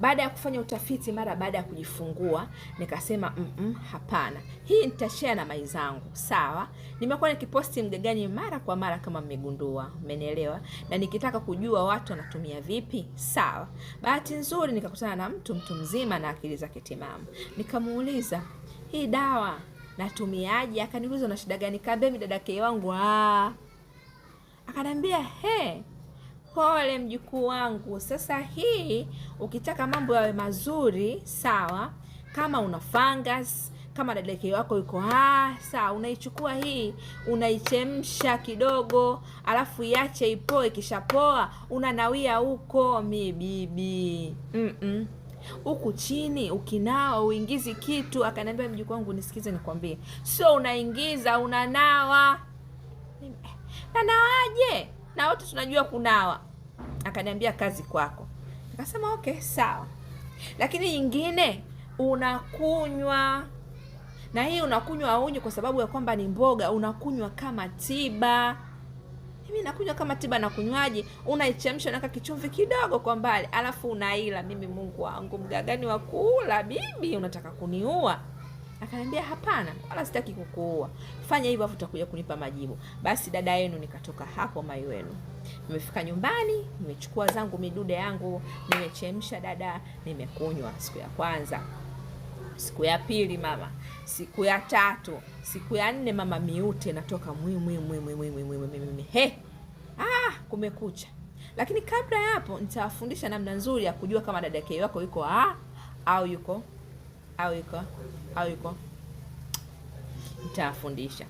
Baada ya kufanya utafiti mara baada ya kujifungua, nikasema mm -mm, hapana, hii nitashare na zangu. Sawa, nimekuwa nikiposti mgagani mara kwa mara, kama mmegundua, mmenielewa, na nikitaka kujua watu wanatumia vipi. Sawa, bahati nzuri nikakutana na mtu mtu mzima na akili zake timamu, nikamuuliza hii dawa natumiaje? Akaniuliza na shida gani? Kaambia mi dada wangu, ah, akanambia he pole mjukuu wangu. Sasa hii ukitaka mambo yawe mazuri, sawa, kama una fungus kama dadake wako yuko haa, ah, sawa, unaichukua hii unaichemsha kidogo, alafu iache ipoe. Ikishapoa unanawia huko mibibi mm -mm. Huku chini ukinawa uingizi kitu. Akaniambia mjukuu wangu, nisikize nikwambie, sio unaingiza unanawa. Nanawaje? na wote tunajua kunawa. Akaniambia kazi kwako. Nikasema okay, sawa. Lakini nyingine unakunywa na hii unakunywa aunywi kwa sababu ya kwamba ni mboga, unakunywa kama tiba. Mimi nakunywa kama tiba na kunywaji, unaichemsha unaweka kichumvi kidogo kwa mbali, alafu unaila. Mimi Mungu wangu, mgagani wa kula bibi, unataka kuniua? Akaniambia hapana, wala sitaki kukuua, fanya hivyo afu utakuja kunipa majibu. Basi dada yenu, nikatoka hapo mai Nimefika nyumbani, nimechukua zangu midude yangu, nimechemsha dada, nimekunywa siku ya kwanza, siku ya pili mama, siku ya tatu, siku ya nne mama, miute natoka mwi He, ah, kumekucha. Lakini kabla ya hapo, nitawafundisha namna nzuri ya kujua kama dada yake wako yuko a au yuko au iko au iko nitawafundisha.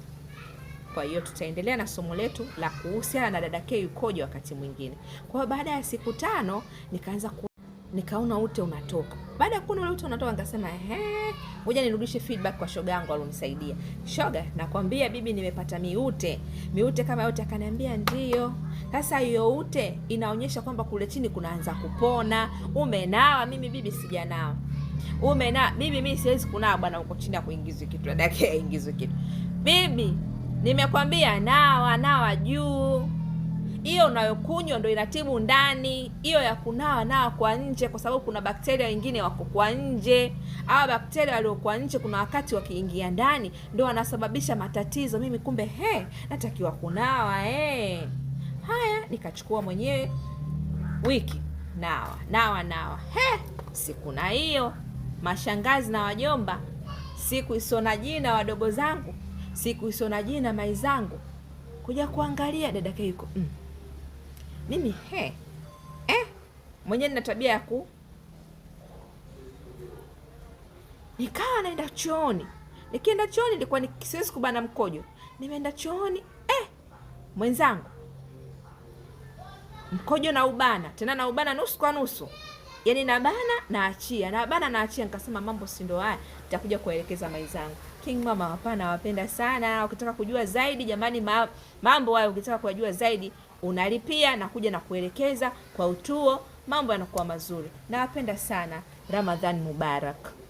Kwa hiyo tutaendelea na somo letu la kuhusiana na dada K yukoje wakati mwingine. Kwa hiyo baada ya siku tano nikaanza ku nikaona ute unatoka. Baada ya kuona ule ute unatoka, nikasema ehe, ngoja nirudishe feedback kwa shoga yangu alionisaidia. Shoga, nakwambia bibi, nimepata miute miute kama yote. Akaniambia ndio. Sasa hiyo ute inaonyesha kwamba kule chini kunaanza kupona, umenawa. Mimi bibi, sijanawa umena bibi, mi siwezi kunaa bwana, huko chini kuingizwa kitu, dadake aingizwe kitu. Bibi, nimekwambia nawa, nawa juu hiyo unayokunywa ndo inatibu ndani, hiyo ya kunawa nawa kwa nje, kwa sababu kuna bakteria wengine wako kwa nje. Hawa bakteria waliokuwa nje, kuna wakati wakiingia ndani ndo wanasababisha matatizo. Mimi kumbe, he, natakiwa kunawa he. Haya, nikachukua mwenyewe wiki nawa nawa nawa he siku na hiyo, mashangazi na wajomba, siku isio na jina, wadogo zangu, siku isio na jina, mai zangu, kuja kuangalia yake yuko mm. Mimi he eh, mwenyewe nina tabia ya ku nikawa naenda chooni. Nikienda chooni nilikuwa siwezi kubana mkojo, nimeenda chooni eh, mwenzangu, mkojo na ubana tena na ubana nusu kwa nusu yani nabana naachia, nabana naachia, nikasema mambo si ndo haya, nitakuja kuwaelekeza mali zangu. King mama, hapana, wapenda sana. Ukitaka kujua zaidi jamani, ma, mambo hayo ukitaka kujua zaidi unalipia na kuja na kuelekeza kwa utuo, mambo yanakuwa mazuri. Nawapenda sana. Ramadhan Mubarak.